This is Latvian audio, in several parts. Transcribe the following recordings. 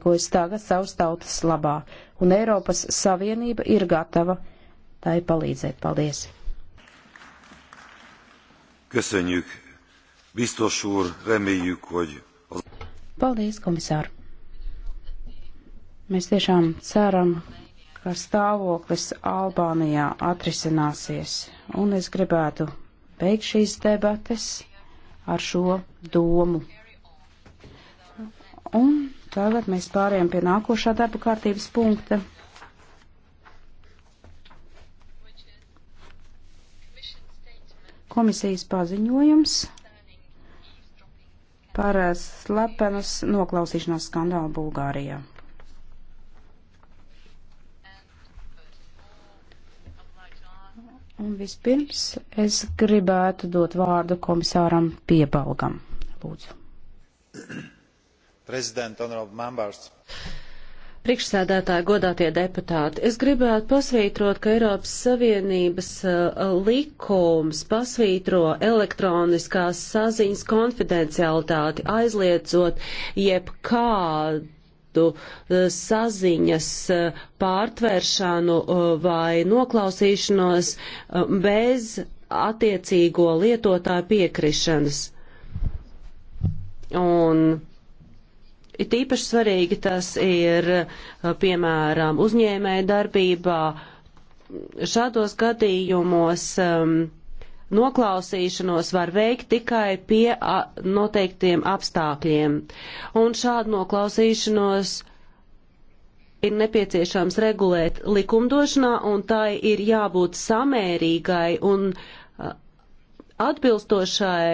rīkojas tagad savas tautas labā, un Eiropas Savienība ir gatava tai palīdzēt. Paldies! Köszönjük! Biztos úr, reméljük, hogy... Az... Paldies, komisār! Mēs tiešām ceram, ka stāvoklis Albānijā atrisināsies, un es gribētu beigt šīs debates ar šo domu. Un tagad mēs pārējām pie nākošā darba kārtības punkta. Komisijas paziņojums par slepenas noklausīšanās skandālu Bulgārijā. Un vispirms es gribētu dot vārdu komisāram Piebalgam. Lūdzu. Priekšsēdētāji, godātie deputāti, es gribētu pasvītrot, ka Eiropas Savienības uh, likums pasvītro elektroniskās saziņas konfidencialitāti, aizliedzot jebkādu uh, saziņas uh, pārtvēršanu uh, vai noklausīšanos uh, bez attiecīgo lietotāju piekrišanas. Un It īpaši svarīgi tas ir, eh, piemēram, uzņēmēja darbībā. Šādos gadījumos um, noklausīšanos var veikt tikai pie noteiktiem apstākļiem. Un šādu noklausīšanos ir nepieciešams regulēt likumdošanā, un tai ir jābūt samērīgai un eh, atbilstošai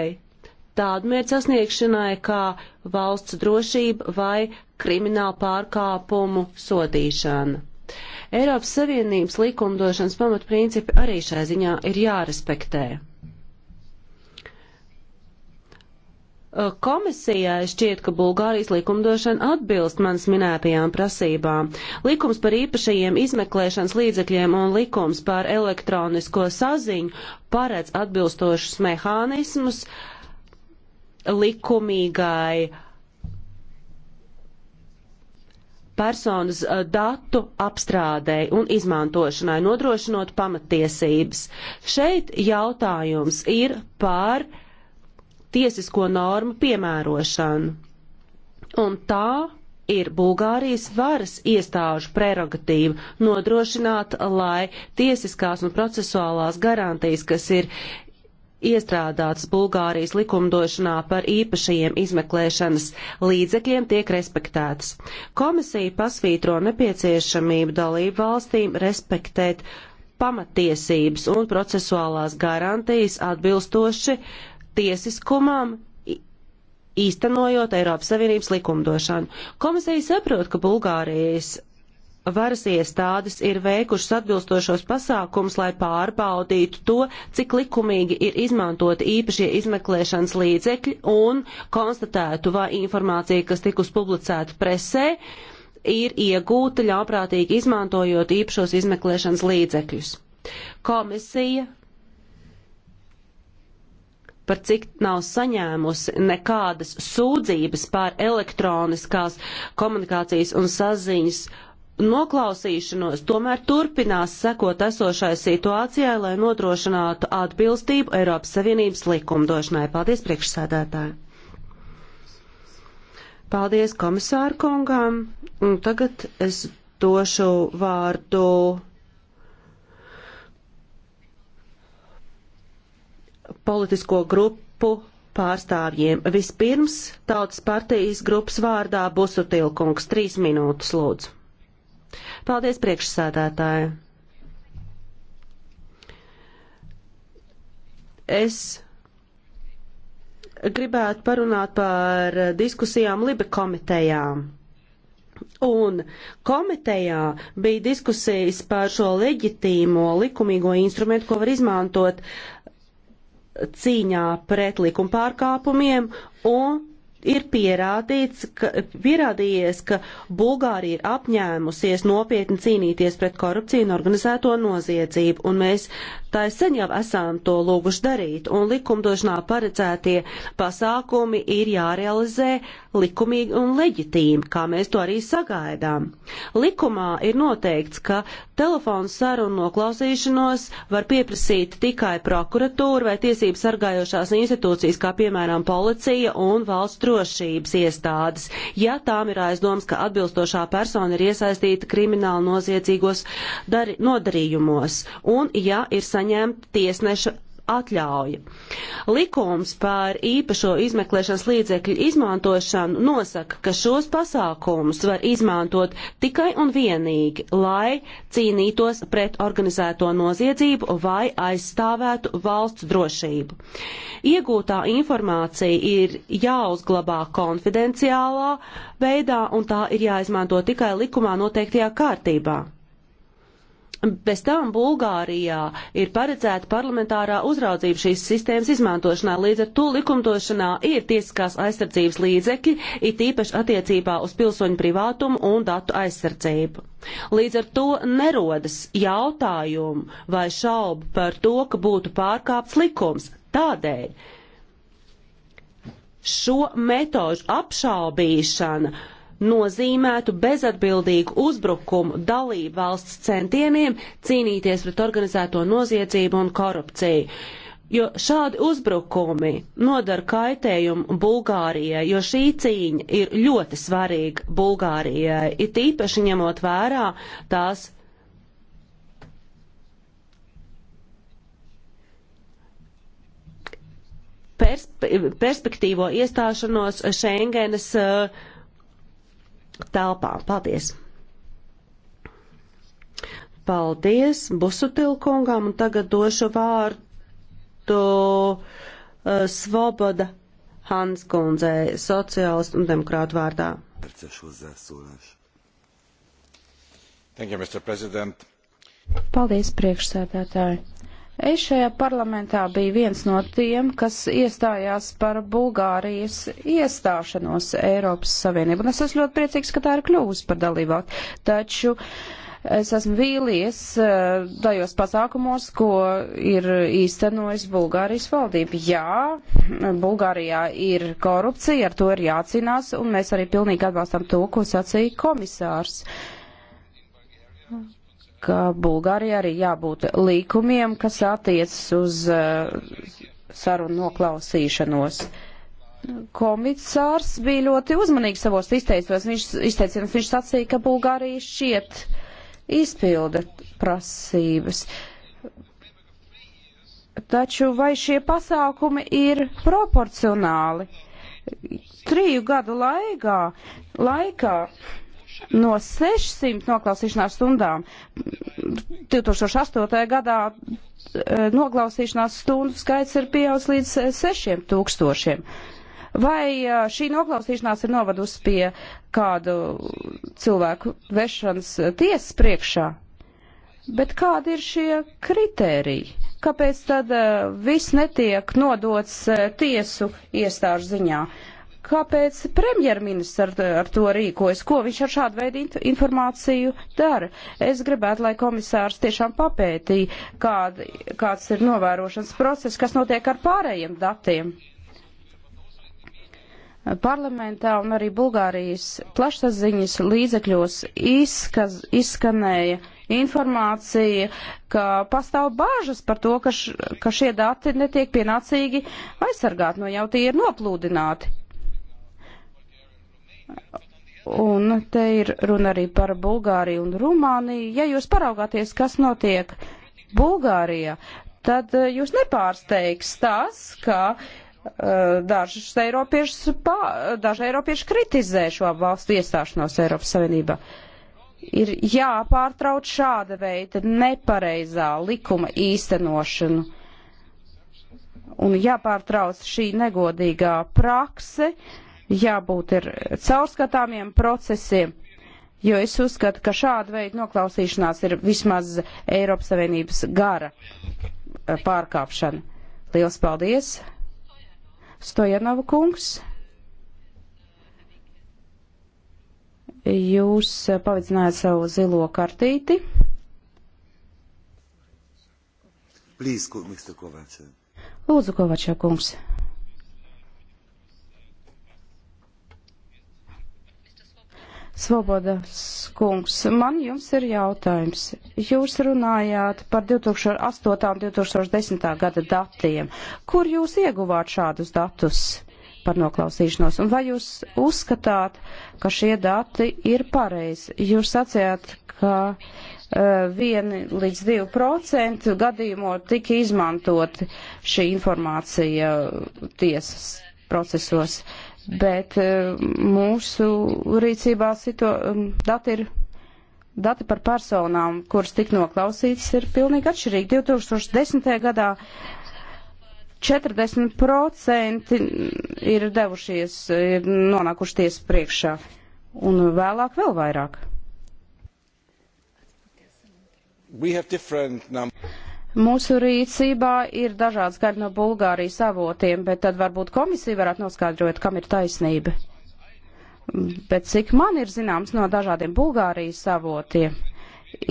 tādu mērķu sasniegšanai, kā valsts drošība vai krimināla pārkāpumu sodīšana. Eiropas Savienības likumdošanas pamatprincipi arī šai ziņā ir jārespektē. Komisijai šķiet, ka Bulgārijas likumdošana atbilst manas minētajām prasībām. Likums par īpašajiem izmeklēšanas līdzekļiem un likums par elektronisko saziņu paredz atbilstošus mehānismus, uh, likumīgai personas eh, datu apstrādei un izmantošanai, nodrošinot pamatiesības. Šeit jautājums ir par tiesisko normu piemērošanu. Un tā ir Bulgārijas varas iestāžu prerogatīva nodrošināt, lai tiesiskās un procesuālās garantijas, kas ir iestrādāts Bulgārijas likumdošanā par īpašajiem izmeklēšanas līdzekļiem tiek respektētas. Komisija pasvītro nepieciešamību dalību valstīm respektēt pamatiesības un procesuālās garantijas atbilstoši tiesiskumam īstenojot Eiropas Savienības likumdošanu. Komisija saprot, ka Bulgārijas varas iestādes ir veikušas atbilstošos pasākums, lai pārbaudītu to, cik likumīgi ir izmantoti īpašie izmeklēšanas līdzekļi un konstatētu, vai informācija, kas tikus publicēta presē, ir iegūta ļāprātīgi izmantojot īpašos izmeklēšanas līdzekļus. Komisija par cik nav saņēmusi nekādas sūdzības par elektroniskās komunikācijas un saziņas noklausīšanos tomēr turpinās sekot esošai situācijai, lai nodrošinātu atbilstību Eiropas Savienības likumdošanai. Paldies priekšsēdētāji! Paldies komisāru kungām! Un tagad es došu vārdu politisko grupu pārstāvjiem. Vispirms tautas partijas grupas vārdā Busutilkungs. Trīs minūtes lūdzu. Paldies, priekšsēdētāji! Es gribētu parunāt par diskusijām Libe komitejām. Un komitejā bija diskusijas par šo leģitīmo likumīgo instrumentu, ko var izmantot cīņā pret likuma pārkāpumiem un ir pierādīts, ka, pierādījies, ka Bulgārija ir apņēmusies nopietni cīnīties pret korupciju un organizēto noziedzību, un mēs Tā sen jau esam to lūguši darīt, un likumdošanā paredzētie pasākumi ir jārealizē likumīgi un leģitīmi, kā mēs to arī sagaidām. Likumā ir noteikts, ka telefonu sarunu noklausīšanos var pieprasīt tikai prokuratūra vai tiesības sargājošās institūcijas, kā piemēram policija un valsts drošības iestādes, ja tām ir aizdoms, ka atbilstošā persona ir iesaistīta krimināli noziedzīgos nodarījumos, un ja ir saņemt tiesneša atļauju. Likums par īpašo izmeklēšanas līdzekļu izmantošanu nosaka, ka šos pasākumus var izmantot tikai un vienīgi, lai cīnītos pret organizēto noziedzību vai aizstāvētu valsts drošību. Iegūtā informācija ir jāuzglabā konfidenciālā veidā un tā ir jāizmanto tikai likumā noteiktajā kārtībā. Bez tam Bulgārijā ir paredzēta parlamentārā uzraudzība šīs sistēmas izmantošanā, līdz ar to likumdošanā ir tiesiskās aizsardzības līdzekļi, it īpaši attiecībā uz pilsoņu privātumu un datu aizsardzību. Līdz ar to nerodas jautājumu vai šaubu par to, ka būtu pārkāpts likums. Tādēļ šo metožu apšaubīšana uh, nozīmētu bezatbildīgu uzbrukumu dalību valsts centieniem cīnīties pret organizēto noziedzību un korupciju. Jo šādi uzbrukumi nodara kaitējumu Bulgārijai, jo šī cīņa ir ļoti svarīga Bulgārijai, it īpaši ņemot vērā tās perspe perspektīvo iestāšanos Schengenas uh, telpām. Paldies! Paldies Busutilkungam un tagad došu vārdu uh, Svoboda Hanskundzei, sociālistu un demokrātu vārdā. Thank you, Mr. President. Paldies, priekšsēdētāji. Es šajā parlamentā biju viens no tiem, kas iestājās par Bulgārijas iestāšanos Eiropas Savienību, un es esmu ļoti priecīgs, ka tā ir kļuvusi par dalībvalsti. Taču es esmu vīlies eh, tajos pasākumos, ko ir īstenojis Bulgārijas valdība. Jā, Bulgārijā ir korupcija, ar to ir jācīnās, un mēs arī pilnīgi atbalstam to, ko sacīja komisārs ka Bulgārija arī jābūt līkumiem, kas attiecas uz uh, sarunu noklausīšanos. Komisārs bija ļoti uzmanīgs savos izteicienos. Viņš, izteicienos, viņš sacīja, ka Bulgārija šķiet izpilda prasības. Taču vai šie pasākumi ir proporcionāli? Triju gadu laikā, laikā no 600 noklausīšanās stundām 2008. gadā e, noklausīšanās stundu skaits ir pieaudzis līdz 6000. E, Vai e, šī noklausīšanās ir novadusi pie kādu cilvēku vešanas tiesas priekšā? Bet kādi ir šie kritēriji? Kāpēc tad viss netiek nodots tiesu iestāžu ziņā? Uh, kāpēc premjerministrs ar, ar to rīkojas, ko viņš ar šādu veidu informāciju dara. Es gribētu, lai komisārs tiešām papētīja, kād, kāds ir novērošanas process, kas notiek ar pārējiem datiem. Parlamentā un arī Bulgārijas plašsaziņas līdzekļos izskaz, izskanēja informācija, ka pastāv bāžas par to, ka, š, ka šie dati netiek pienācīgi aizsargāti, no jau tie ir noplūdināti. Un te ir runa arī par Bulgāriju un Rumāniju. Ja jūs paraugāties, kas notiek Bulgārijā, tad eh, jūs nepārsteigs tas, ka uh, eh, dažas Eiropiešas, daži Eiropieši kritizē šo valstu iestāšanos Eiropas Savienībā. Ir jāpārtrauc šāda veida nepareizā likuma īstenošanu. Un jāpārtrauc šī negodīgā prakse, uh, jābūt ir caurskatāmiem procesiem, jo es uzskatu, ka šāda veida noklausīšanās ir vismaz Eiropas Savienības gara eh, pārkāpšana. Liels paldies! Stojanova kungs, jūs eh, pavidzinājāt savu zilo kartīti. Please, Mr. Kovačev. Lūdzu, Kovačev kungs. Svobodas kungs, man jums ir jautājums. Jūs runājāt par 2008. un 2010. gada datiem. Kur jūs ieguvāt šādus datus par noklausīšanos? Un vai jūs uzskatāt, ka šie dati ir pareizi? Jūs sacījāt, ka eh, vieni līdz divi procenti gadījumu tika izmantot šī informācija tiesas procesos. Uh, bet eh, mūsu rīcībā situ, mm, dati, ir, dati par personām, kuras tik noklausītas, ir pilnīgi atšķirīgi. 2010. gadā 40% ir devušies, ir nonākuši tiesas priekšā, un vēlāk vēl vairāk. Mūsu rīcībā ir dažāds gaļa no Bulgārijas avotiem, bet tad varbūt komisija varētu noskaidrot, kam ir taisnība. Bet cik man ir zināms no dažādiem Bulgārijas avotiem,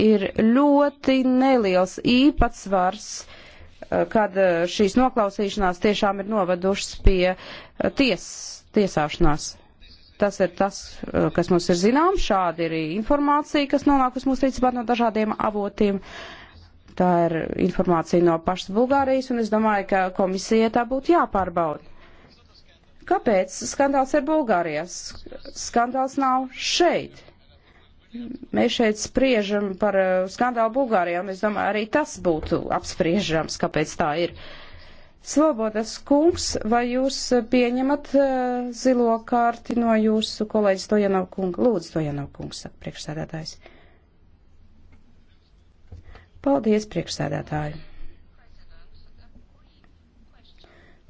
ir ļoti neliels īpatsvars, eh, kad eh, šīs noklausīšanās tiešām ir novedušas pie eh, ties, tiesāšanās. Tas ir tas, kas mums ir zināms, šāda ir informācija, kas nonākus mūsu rīcībā no dažādiem avotiem. Uh, Tā ir informācija no pašas Bulgārijas, un es domāju, ka komisijai tā būtu jāpārbauda. Kāpēc skandāls ir Bulgārijas? Skandāls nav šeit. Mēs šeit spriežam par uh, skandālu Bulgārijā, un es domāju, arī tas būtu apspriežams, kāpēc tā ir. Slobodas kungs, vai jūs uh, pieņemat uh, zilo kārti no jūsu kolēģis Tojanov kunga? Lūdzu, Tojanov kungs, saka priekšsēdētājs. Uh, Paldies, priekšsēdētāji!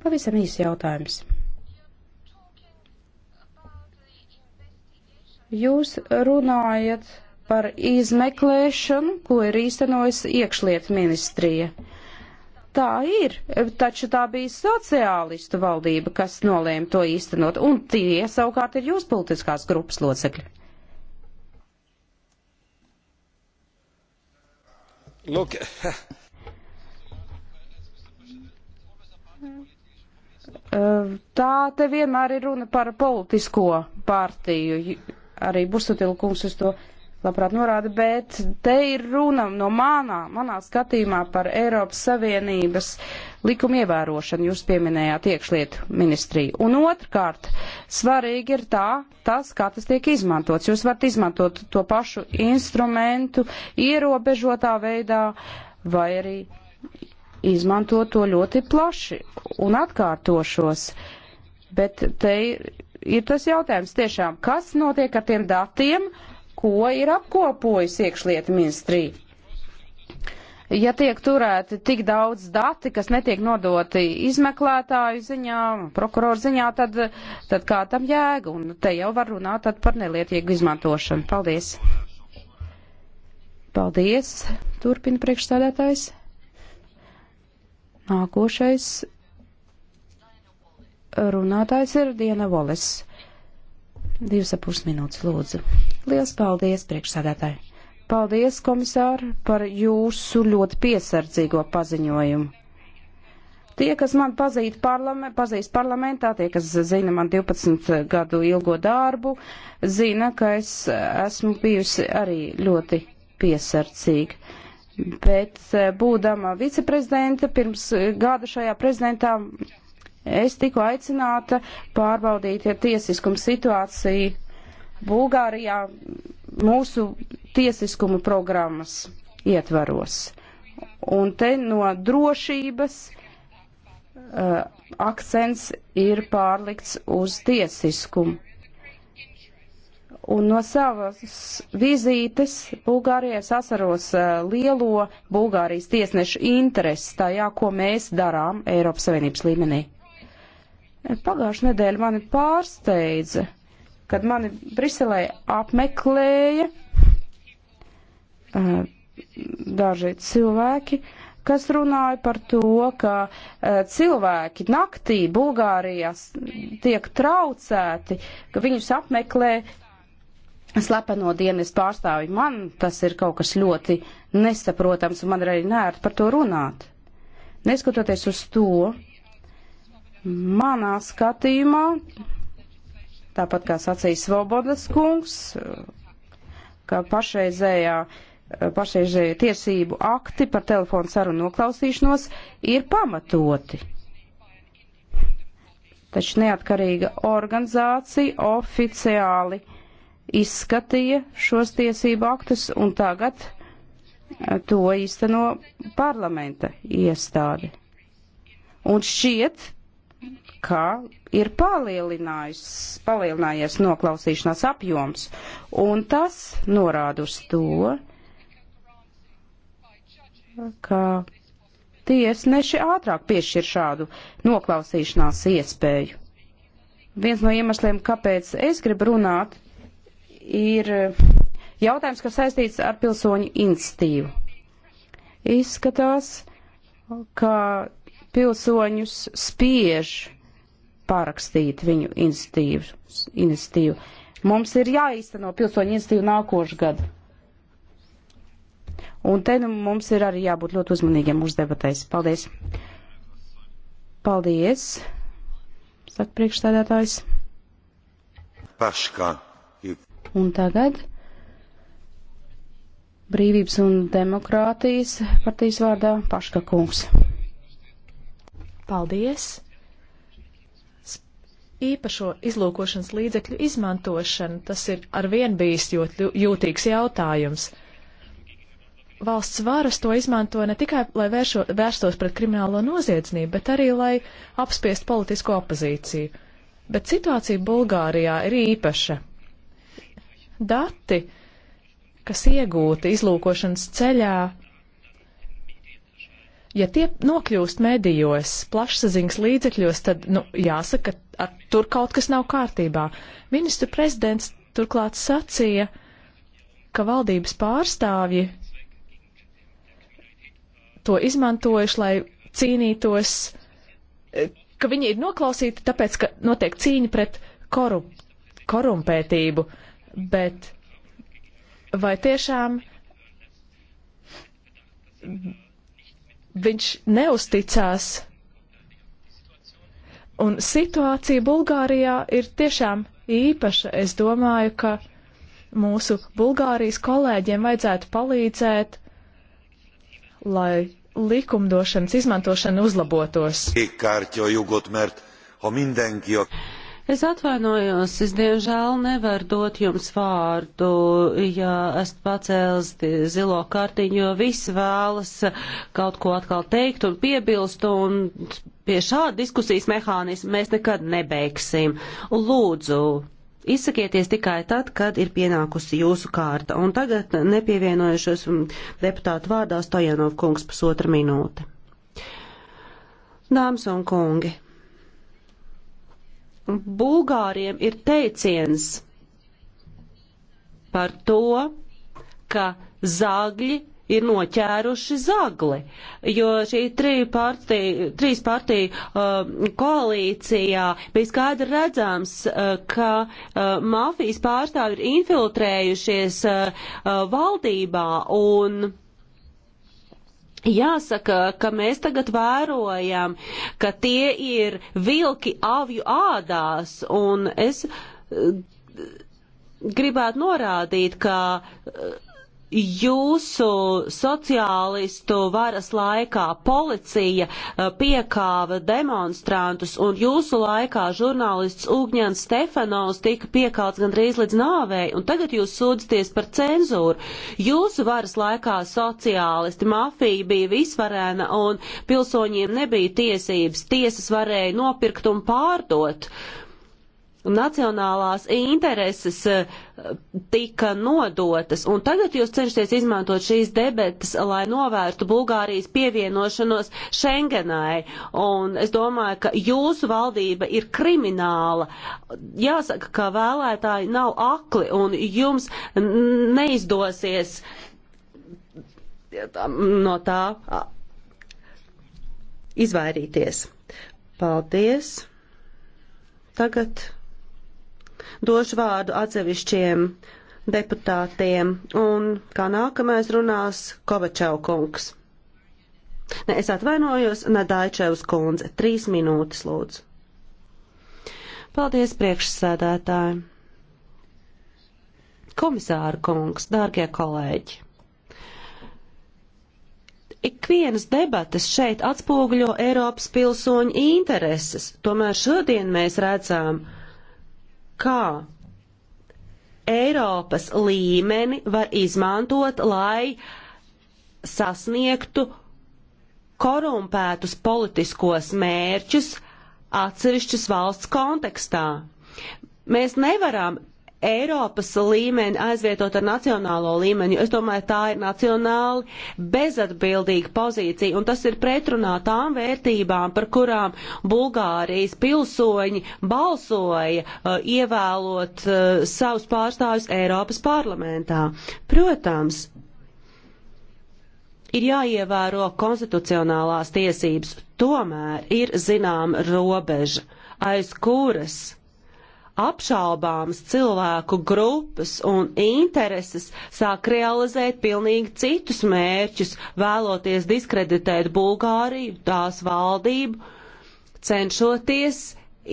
Pavisam īsts jautājums. Jūs runājat par izmeklēšanu, ko ir īstenojis iekšliet ministrija. Tā ir, taču tā bija sociālistu valdība, kas nolēma to īstenot, un tie savukārt ir jūs politiskās grupas locekļi. Look. Tā te vienmēr ir runa par politisko partiju. Arī Busutilkums uz to labprāt norāda, bet te ir runa no manā, manā skatījumā par Eiropas Savienības uh, likuma ievērošanu, jūs pieminējāt iekšlietu ministriju. Un otrkārt, svarīgi ir tā, tas, kā tas tiek izmantots. Jūs varat izmantot to pašu instrumentu ierobežotā veidā vai arī izmantot to ļoti plaši un atkārtošos. Bet te ir tas jautājums tiešām, kas notiek ar tiem datiem, ko ir apkopojusi iekšlietu ministrija? ja tiek turēti tik daudz dati, kas netiek nodoti izmeklētāju ziņā, prokuroru ziņā, tad, tad kā tam jēga? Un te jau var runāt par nelietīgu izmantošanu. Paldies! Paldies! Turpina priekšstādātājs. Nākošais runātājs ir Diena Voles. Divas ap pus minūtes lūdzu. Lielas paldies priekšsādātāji! Paldies, komisār, par jūsu ļoti piesardzīgo paziņojumu. Tie, kas man pazīst, parlament, pazīst parlamentā, tie, kas zina man 12 gadu ilgo darbu, zina, ka es esmu bijusi arī ļoti piesardzīga. Bet e, būdama viceprezidenta pirms gada šajā prezidentā es tiku aicināta pārbaudīt tiesiskuma situāciju Bulgārijā mūsu tiesiskuma programmas ietvaros. Un te no drošības uh, akcents ir pārlikts uz tiesiskumu. Un no savas vizītes Bulgārijai sasaros uh, eh, lielo Bulgārijas tiesnešu interesi tajā, ko mēs darām Eiropas Savienības līmenī. Pagājušajā nedēļā mani pārsteidza kad mani Briselē apmeklēja uh, daži cilvēki, kas runāja par to, ka uh, cilvēki naktī Bulgārijā tiek traucēti, ka viņus apmeklē slepeno dienas pārstāvi. Man tas ir kaut kas ļoti nesaprotams, un man arī nērti par to runāt. Neskatoties uz to, manā skatījumā tāpat kā sacīja Svobodas kungs, ka pašreizējā pašreizējie tiesību akti par telefonu sarunu noklausīšanos ir pamatoti. Taču neatkarīga organizācija oficiāli izskatīja šos tiesību aktus un tagad e, to īsteno parlamenta iestādi. Un šķiet, ka ir palielinājies noklausīšanās apjoms, un tas norāda uz to, ka tiesneši ātrāk piešķir šādu noklausīšanās iespēju. Viens no iemesliem, kāpēc es gribu runāt, ir jautājums, kas saistīts ar pilsoņu institīvu. Izskatās, ka pilsoņus spiež parakstīt viņu iniciatīvu. Mums ir jāīsteno pilsoņu iniciatīvu nākošu gadu. Un te nu, mums ir arī jābūt ļoti uzmanīgiem mūsu debatēs. Paldies! Paldies! Saka priekšstādātājs. Paškā. Un tagad Brīvības un demokrātijas partijas vārdā Paška kungs. Paldies! īpašo izlūkošanas līdzekļu izmantošana, tas ir arvien bijis ļoti jūtīgs jautājums. Valsts varas to izmanto ne tikai, lai vēršo, vērstos pret kriminālo noziedznību, bet arī, lai apspiest politisko opozīciju. Bet situācija Bulgārijā ir īpaša. Dati, kas iegūti izlūkošanas ceļā, ja tie nokļūst medijos, plašsaziņas līdzekļos, tad, nu, jāsaka, ar, tur kaut kas nav kārtībā. Ministru prezidents turklāt sacīja, ka valdības pārstāvji to izmantojuši, lai cīnītos, e, ka viņi ir noklausīti, tāpēc, ka notiek cīņa pret koru, korumpētību, bet vai tiešām viņš neusticās. Un situācija Bulgārijā ir tiešām īpaša. Es domāju, ka mūsu Bulgārijas kolēģiem vajadzētu palīdzēt, lai likumdošanas izmantošana uzlabotos. Kārķo jugot, mert, ha mindenki, ha... Es atvainojos, es diemžēl nevaru dot jums vārdu, ja esat pacēlis zilo kartiņu, jo visi vēlas kaut ko atkal teikt un piebilst, un pie šāda diskusijas mehānisma mēs nekad nebeigsim. Lūdzu, Izsakieties tikai tad, kad ir pienākusi jūsu kārta. Un tagad nepievienojušos deputātu vārdā Stojanov kungs pusotra minūte. Dāmas un kungi! Bulgāriem ir teiciens par to, ka zagļi ir noķēruši zagli, jo šī partija, trīs partiju uh, koalīcijā bija skaidri redzams, uh, ka uh, mafijas pārstāvi ir infiltrējušies uh, uh, valdībā un uh, Jāsaka, ka mēs tagad vērojam, ka tie ir vilki avju ādās, un es eh, gribētu norādīt, ka eh, jūsu sociālistu varas laikā policija eh, piekāva demonstrantus un jūsu laikā žurnālists Ugņans Stefanovs tika piekāts gandrīz līdz nāvei un tagad jūs sūdzaties par cenzūru. Jūsu varas laikā sociālisti mafija bija visvarēna un pilsoņiem nebija tiesības. Tiesas varēja nopirkt un pārdot. Uh, nacionālās intereses eh, tika nodotas, un tagad jūs cenšaties izmantot šīs debetas, lai novērstu Bulgārijas pievienošanos Schengenai, un es domāju, ka jūsu valdība ir krimināla. Jāsaka, ka vēlētāji nav akli, un jums neizdosies no tā izvairīties. Paldies! Tagad došu vārdu atsevišķiem deputātiem. Un kā nākamais runās Kovačev kungs. Ne, es atvainojos, Nadaičevs kundze. Trīs minūtes, lūdzu. Paldies, priekšsēdētāji. Komisāra kungs, dārgie kolēģi. Ikvienas debatas šeit atspoguļo Eiropas pilsoņu intereses, tomēr šodien mēs redzam, kā Eiropas līmeni var izmantot, lai sasniegtu korumpētus politiskos mērķus atsevišķas valsts kontekstā. Mēs nevaram Eiropas līmeni aizvietot ar nacionālo līmeni, jo es domāju, tā ir nacionāli bezatbildīga pozīcija, un tas ir pretrunā tām vērtībām, par kurām Bulgārijas pilsoņi balsoja, uh, ievēlot uh, savus pārstāvjus Eiropas parlamentā. Protams, ir jāievēro konstitucionālās tiesības, tomēr ir zinām robeža, aiz kuras apšaubāmas cilvēku grupas un intereses sāk realizēt pilnīgi citus mērķus, vēloties diskreditēt Bulgāriju, tās valdību, cenšoties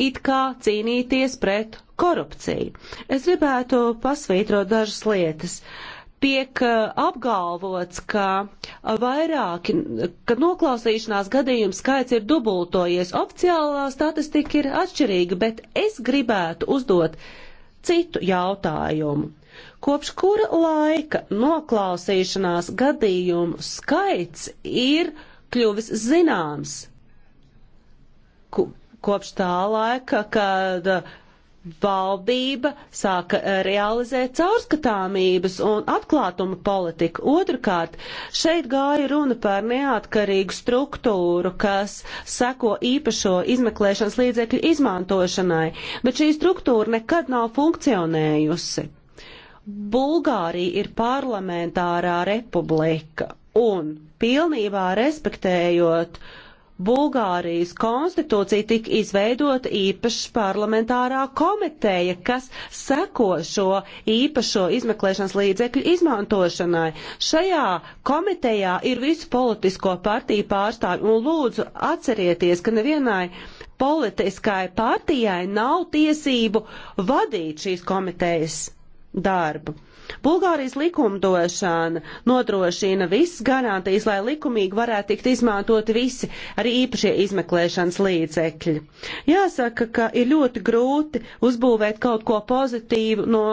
it kā cīnīties pret korupciju. Es gribētu pasvītrot dažas lietas. Uh, tiek eh, apgalvots, ka eh, vairāki, ka noklausīšanās gadījumu skaits ir dubultojies. Oficiālā statistika ir atšķirīga, bet es gribētu uzdot citu jautājumu. Kopš kura laika noklausīšanās gadījumu skaits ir kļuvis zināms? Kopš tā laika, kad uh, valdība sāka eh, realizēt caurskatāmības un atklātuma politiku. Otrakārt, šeit gāja runa par neatkarīgu struktūru, kas seko īpašo izmeklēšanas līdzekļu izmantošanai, bet šī struktūra nekad nav funkcionējusi. Bulgārija ir parlamentārā republika un pilnībā respektējot uh, Bulgārijas konstitūcija tika izveidota īpaša parlamentārā komiteja, kas seko šo īpašo izmeklēšanas līdzekļu izmantošanai. Šajā komitejā ir visu politisko partiju pārstāvju un lūdzu atcerieties, ka nevienai politiskai partijai nav tiesību vadīt šīs komitejas darbu. Bulgārijas likumdošana nodrošina visas garantijas, lai likumīgi varētu tikt izmantot visi arī īpašie izmeklēšanas līdzekļi. Jāsaka, ka ir ļoti grūti uzbūvēt kaut ko pozitīvu no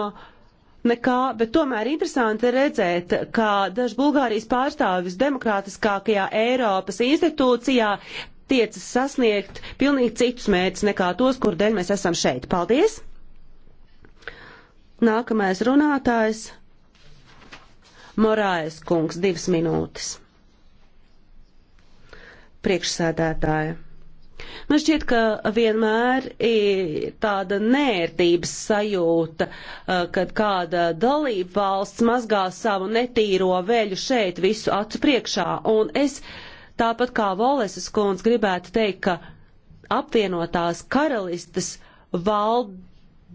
nekā, bet tomēr interesanti redzēt, kā daži Bulgārijas pārstāvis demokrātiskākajā Eiropas institūcijā tiecas sasniegt pilnīgi citus mērķus nekā tos, kur dēļ mēs esam šeit. Paldies! Nākamais runātājs - Morājas kungs, divas minūtes. Priekšsēdētāja. Man šķiet, ka vienmēr ir tāda nērtības sajūta, kad kāda dalība valsts mazgā savu netīro veļu šeit visu acu priekšā. Un es tāpat kā Voleses kundze gribētu teikt, ka apvienotās karalistes vald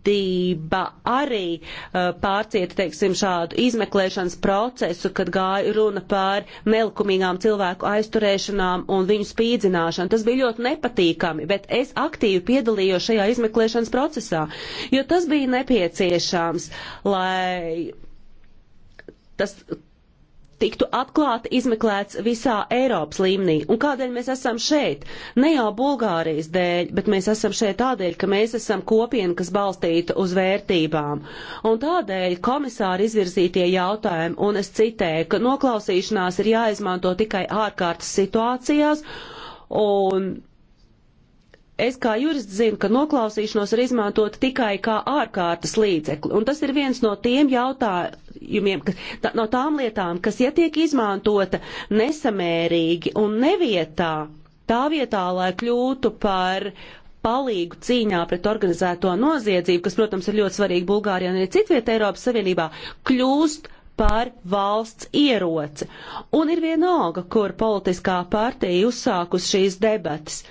valdība arī uh, pārcieta, teiksim, šādu izmeklēšanas procesu, kad gāja runa par nelikumīgām cilvēku aizturēšanām un viņu spīdzināšanu. Tas bija ļoti nepatīkami, bet es aktīvi piedalījos šajā izmeklēšanas procesā, jo tas bija nepieciešams, lai tas tiktu atklāti izmeklēts visā Eiropas līmenī. Un kādēļ mēs esam šeit? Ne jau Bulgārijas dēļ, bet mēs esam šeit tādēļ, ka mēs esam kopiena, kas balstīta uz vērtībām. Un tādēļ komisāri izvirzītie jautājumi, un es citēju, ka noklausīšanās ir jāizmanto tikai ārkārtas situācijās, un Es kā jurists zinu, ka noklausīšanos ir izmantota tikai kā ārkārtas līdzekli, un tas ir viens no tiem jautājumiem, jautājumiem, kas, tā, no tām lietām, kas ietiek izmantota nesamērīgi un nevietā, tā vietā, lai kļūtu par palīgu cīņā pret organizēto noziedzību, kas, protams, ir ļoti svarīgi Bulgārijā un arī citvietē Eiropas Savienībā, kļūst par valsts ieroci. Un ir vienalga, kur politiskā partija uzsākus šīs debatas.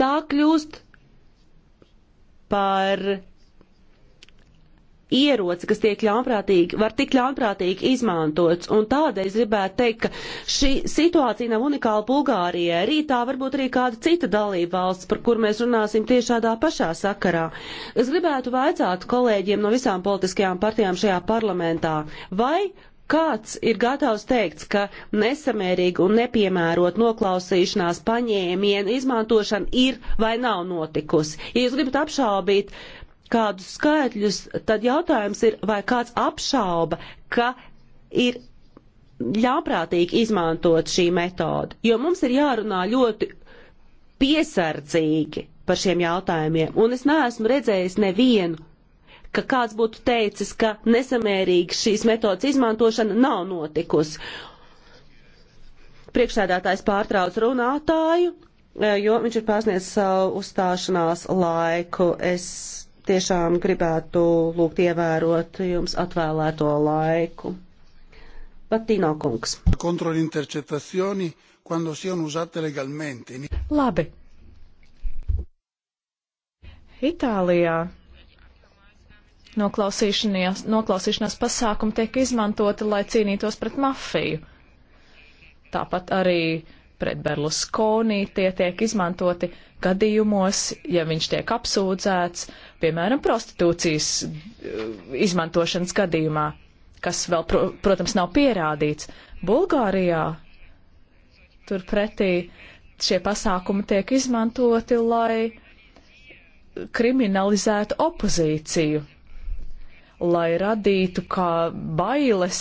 Tā kļūst par ieroci, kas tiek ļaunprātīgi, var tik ļaunprātīgi izmantots. Un tādēļ es gribētu teikt, ka šī situācija nav unikāla Bulgārijai. Rītā varbūt arī kāda cita dalība valsts, par kur mēs runāsim tieši tādā pašā sakarā. Es gribētu vaicāt kolēģiem no visām politiskajām partijām šajā parlamentā, vai kāds ir gatavs teikt, ka nesamērīga un nepiemērot noklausīšanās paņēmienu izmantošana ir vai nav notikusi. Ja jūs gribat apšaubīt uh, kādus skaitļus, tad jautājums ir, vai kāds apšauba, ka ir ļāprātīgi izmantot šī metode, jo mums ir jārunā ļoti piesardzīgi par šiem jautājumiem, un es neesmu redzējis nevienu ka kāds būtu teicis, ka nesamērīgi šīs metodas izmantošana nav notikusi. Priekšsēdētājs pārtrauc runātāju, eh, jo viņš ir pārsniedzis savu uzstāšanās laiku. Es tiešām gribētu lūgt ievērot jums atvēlēto laiku. Patino kungs. Labi. Itālijā noklausīšanās, noklausīšanās pasākumi tiek izmantoti, lai cīnītos pret mafiju. Tāpat arī uh, pret Berlusconi, tie tiek izmantoti gadījumos, ja viņš tiek apsūdzēts, piemēram, prostitūcijas eh, izmantošanas gadījumā, kas vēl, pro, protams, nav pierādīts. Bulgārijā turpretī šie pasākumi tiek izmantoti, lai kriminalizētu opozīciju, lai radītu kā bailes,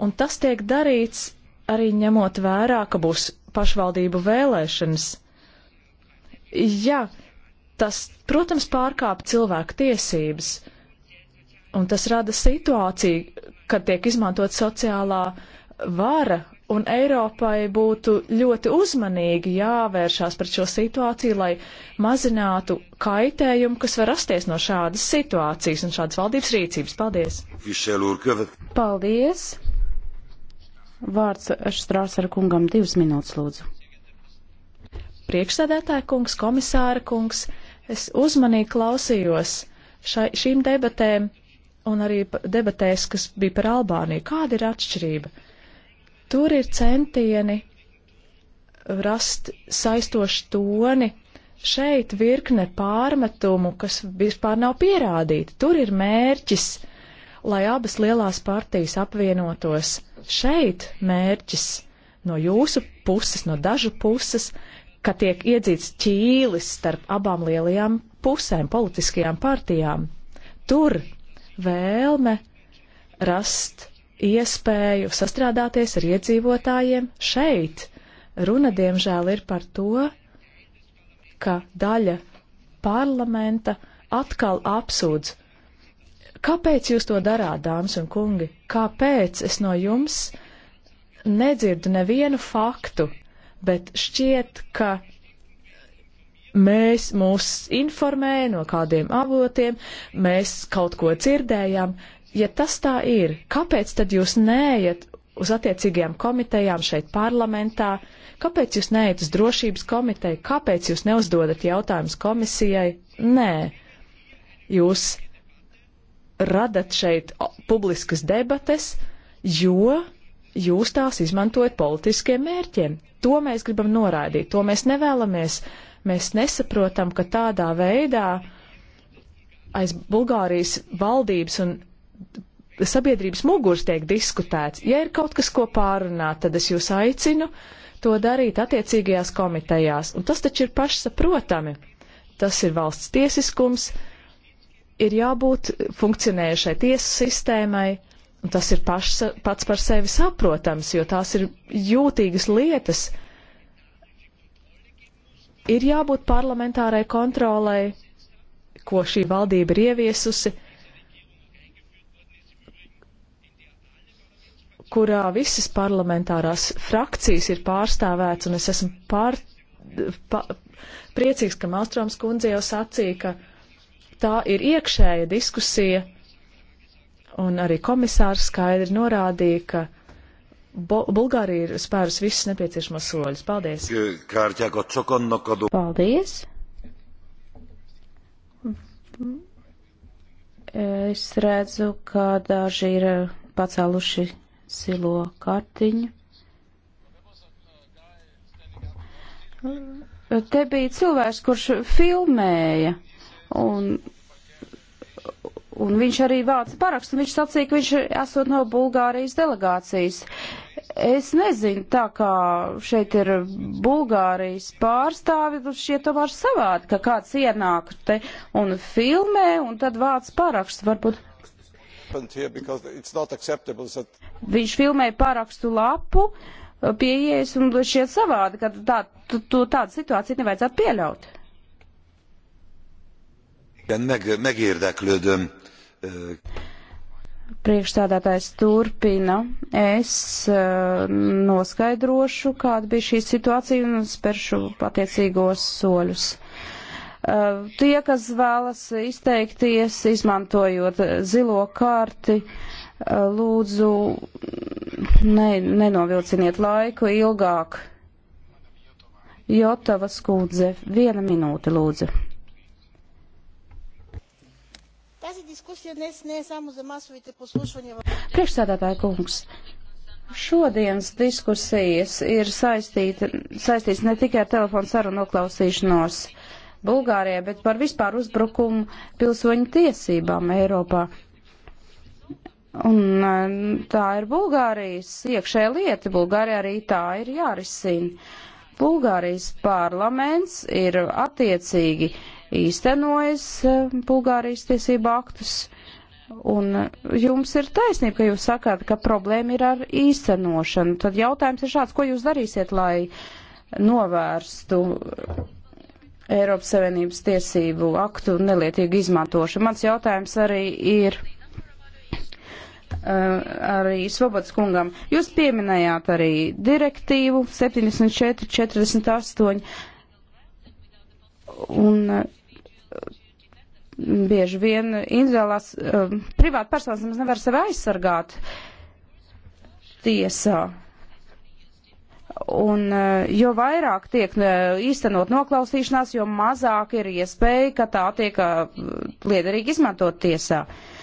un tas tiek darīts arī ņemot vērā, ka būs pašvaldību vēlēšanas. Jā, tas, protams, pārkāp cilvēku tiesības, un tas rada situāciju, kad tiek izmantot sociālā vara, un Eiropai būtu ļoti uzmanīgi jāvēršās pret šo situāciju, lai mazinātu kaitējumu, kas var rasties no šādas situācijas un šādas valdības rīcības. Paldies! Paldies! Vārds Štrāsara kungam divas minūtes lūdzu. Priekšsēdētāja kungs, komisāra kungs, es uzmanīgi klausījos šai, šīm debatēm un arī debatēs, kas bija par Albāniju. Kāda ir atšķirība? Tur ir centieni rast saistošu toni, šeit virkne pārmetumu, kas vispār nav pierādīti. Tur ir mērķis, lai abas lielās partijas apvienotos šeit mērķis no jūsu puses, no dažu puses, ka tiek iedzīts ķīlis starp abām lielajām pusēm, politiskajām partijām. Tur vēlme rast iespēju sastrādāties ar iedzīvotājiem šeit. Runa, diemžēl, ir par to, ka daļa parlamenta atkal apsūdz Kāpēc jūs to darāt, dāmas un kungi? Kāpēc es no jums nedzirdu nevienu faktu, bet šķiet, ka mēs mūs informēja no kādiem avotiem, mēs kaut ko dzirdējām. Ja tas tā ir, kāpēc tad jūs neiet uz attiecīgajām komitejām šeit parlamentā? Kāpēc jūs neiet uz drošības komiteju? Kāpēc jūs neuzdodat jautājumus komisijai? Nē, jūs radat šeit publiskas debates, jo jūs tās izmantojat politiskiem mērķiem. To mēs gribam noraidīt, to mēs nevēlamies. Mēs nesaprotam, ka tādā veidā aiz Bulgārijas valdības un sabiedrības muguras tiek diskutēts. Ja ir kaut kas, ko pārunāt, tad es jūs aicinu to darīt attiecīgajās komitejās. Un tas taču ir pašsaprotami. Tas ir valsts tiesiskums, uh, ir jābūt funkcionējušai tiesu sistēmai, un tas ir paš, pats par sevi saprotams, jo tās ir jūtīgas lietas. Ir jābūt parlamentārai kontrolai, ko šī valdība ir ieviesusi, kurā visas parlamentārās frakcijas ir pārstāvēts, un es esmu pār, pa, priecīgs, ka Malstroms kundze jau sacīja, ka Tā ir iekšēja diskusija, un arī komisārs skaidri norādīja, ka Bo Bulgārija ir spērus visus nepieciešamos soļus. Paldies! Paldies! Es redzu, ka daži ir pacēluši silo kartiņu. Te bija cilvēks, kurš filmēja Un, un viņš arī vāca parakstu, un viņš sacīja, ka viņš esot no Bulgārijas delegācijas. Es nezinu, tā kā šeit ir Bulgārijas pārstāvi, šie tomēr savādi, ka kāds ienāk te un filmē, un tad vāc parakstu varbūt. That... Viņš filmēja parakstu lapu uh, pieejas, un šie savādi, ka tā, to, tādu situāciju nevajadzētu pieļaut. Meg, megérdeklődöm. Priekšstādātājs turpina. Es noskaidrošu, kāda bija šī situācija un spēršu attiecīgos soļus. Tie, kas vēlas izteikties, izmantojot zilo karti, lūdzu ne, nenovilciniet laiku ilgāk. Jotava skūdze, viena minūte lūdzu. Тази diskusija dnes не е само за masovite poslušanje. Priekšsēdētāja kungs, Šodienas diskusijas ir saistīta, saistīts ne tikai ar telefonu sarunu noklausīšanos Bulgārijā, bet par vispār uzbrukumu pilsoņu tiesībām Eiropā. Un eh, tā ir Bulgārijas iekšēja lieta. Bulgārija arī tā ir jārisina. Bulgārijas parlaments ir attiecīgi uh, īstenojas eh, Bulgārijas tiesību aktus. Un eh, jums ir taisnība, ka jūs sakāt, ka problēma ir ar īstenošanu. Tad jautājums ir šāds, ko jūs darīsiet, lai novērstu Eiropas Savienības tiesību aktu nelietīgu izmantošanu? Mans jautājums arī ir eh, arī Svobodas kungam. Jūs pieminējāt arī direktīvu 7448 Un uh, bieži vien individuālās uh, privāta personas nemaz nevar sevi aizsargāt tiesā. Un uh, jo vairāk tiek īstenot noklausīšanās, jo mazāk ir iespēja, ka tā tiek liederīgi izmantot tiesā. Uh,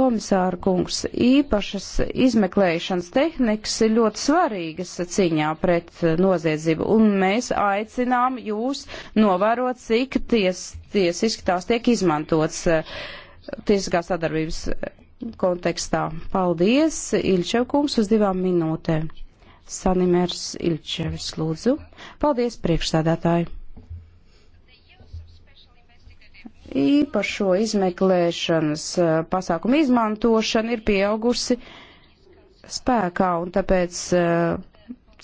Komisāra kungs, īpašas izmeklēšanas tehnikas ir ļoti svarīgas cīņā pret eh, noziedzību, un mēs aicinām jūs novērot, cik ties, tiesiski tās tiek izmantots eh, tiesiskās sadarbības eh, kontekstā. Paldies, Ilčev kungs, uz divām minūtēm. Sanimērs Ilčevs, lūdzu. Paldies, priekšsēdētāji. īpašo izmeklēšanas pasākumu izmantošana ir pieaugusi spēkā, un tāpēc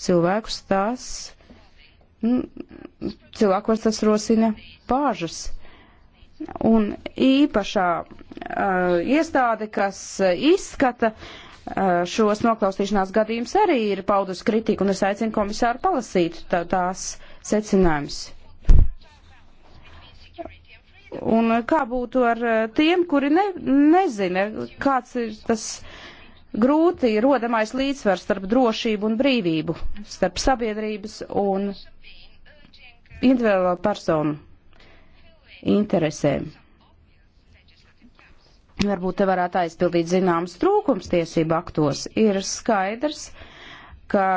cilvēkus tās, cilvēkos tas rosina pāžas. Un īpašā uh, iestāde, kas izskata uh, šos noklausīšanās gadījumus, arī ir paudus kritiku, un es aicinu komisāru palasīt tā, tās secinājumus. Un kā būtu ar eh, tiem, kuri ne, nezina, kāds ir tas grūti rodamais līdzsvars starp drošību un brīvību, starp sabiedrības un individuālo personu interesēm. Varbūt te varētu aizpildīt zināmas trūkums tiesību aktos. Ir skaidrs, ka